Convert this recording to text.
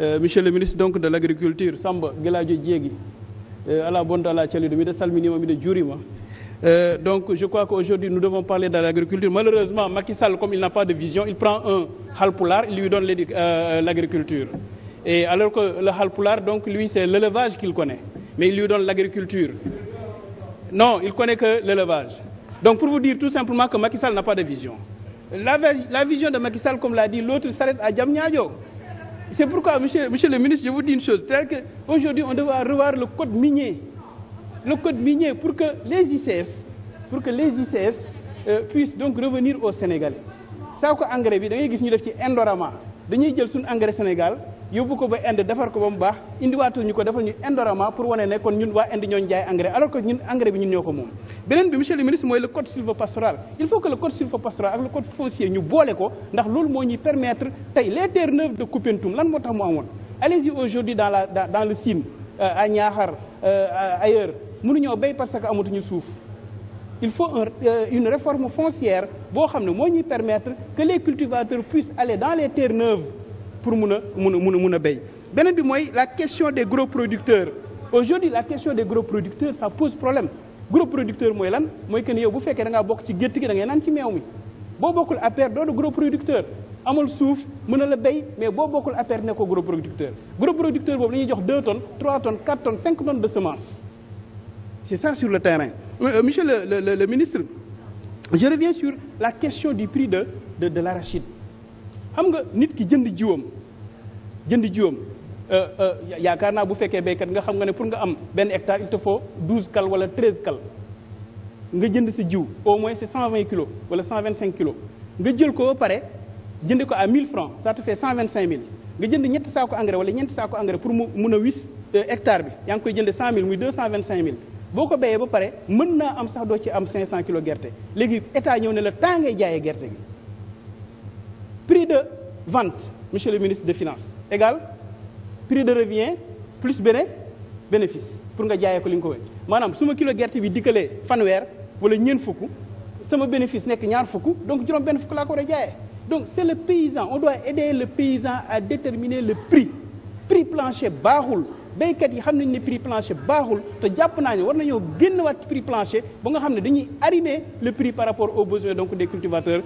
Euh, monsieur le ministre donc de l' agriculture Samba Gelaajo Diegui ala euh, bonto ala caliɗo miɗa salminima miɗa juurima euh, donc je crois que aujourd'hui nous devons parler de l' agriculture malheureusement Macky Sall comme il n'a pas de vision il prend un halpulaar il lui donne l' agriculture et alors que le halpulaar donc lui c'est l'élevage qu'il connaît mais il lui donne l'agriculture non il connaît que l'élevage donc pour vous dire tout simplement n'a pas de la, la vision de Macky Sall comme l'a C'est pourquoi, monsieur, monsieur le ministre, je vous dis une chose. Aujourd'hui, on devra revoir le code minier. Le code minier pour que les ICS, pour que les ICS euh, puissent donc revenir au Sénégalais. Ça, que engrais, vous voyez, nous avons Indorama. Nous avons engrais Sénégal, yóbbu ko ba Inde defar ko ba mu baax indiwaatu ñu ko defal ñu Indorama pour wane ne kon ñu waa Inde ñoo ñu jaay engrais alors que ñu engrais bi ñoo ko moom. beneen bi monsieur le ministre mooy le code sylvopastoral il faut que le code sylvopastoral ak le code foncier ñu boole ko ndax loolu moo ñuy permettre tey les terres neuves de Koupentoum lan moo tax mu amoon allez-y aujourd'hui dans la dans le Sine euh, à Niakhar euh, ailleurs mënuñoo béy parce que amatuñu suuf il faut un, euh, une réforme foncière boo xam ne moo ñuy permettre que les cultivateurs puissent aller dans les terres neuves pour mun a mun a mun a mun a béy beneen bi mooy la question des gros producteurs la question des gros producteurs ça pose problème gros producteur mooy lan mooy que ni yow bu fekkee da bokk ci gétt gi da ngay naan ci meew mi boo bokkul APR doonu gros producteur amul suuf mën a la béy mais boo bokkul APR nekkoo gros producteur gros producteur boobu la ñuy jox 2 tonnes 3 tonnes 4 tonnes 5 tonnes de semence c'est ça sur le terrain euh, euh, monsieur le le le, le ministre je reviens sur la question du prix de de de l'arachide xam nga nit ki jënd jiwam jënd jiwam Euh, euh, yaakaar naa bu fekkee béykat nga xam nga ne pour nga am benn hectare il te faut douze kal wala treize kal nga jënd si jiw au moins c'est cent vingt kilos wala cent vingt cinq kilos nga jël ko ba pare jënd ko à mille francs ça te fait cent vingt cinq mille nga jënd ñetti saako engrais wala ñetti saako engrais pour mu mun a wis euh, bi yaa ngi koy jënd cent mille muy deux cent vingt cinq mille boo ko béyee ba pare mën naa am sax doo ci am cinq cent kilos gerte léegi état ñëw ne la temps ngay jaayee gerte gi prix de vente monsieur le ministre de finances égal prix de revient plus bene bénéfice pour nga jaayee ko li nga ko wéy maanaam su ma kilo gerte bi dikkalee fanweer wala ñeen fukk sama bénéfice nekk ñaar fukk donc juróom benn fukk laa ko war a jaayee donc c'est le paysan on doit aider le paysan à déterminer le prix prix plancher baaxul béykat yi xam nañ ne prix plancher baaxul te jàpp naa ne war nañoo génn waat prix plancher ba nga xam ne dañuy arrimer le prix par rapport aux besoins donc des cultivateurs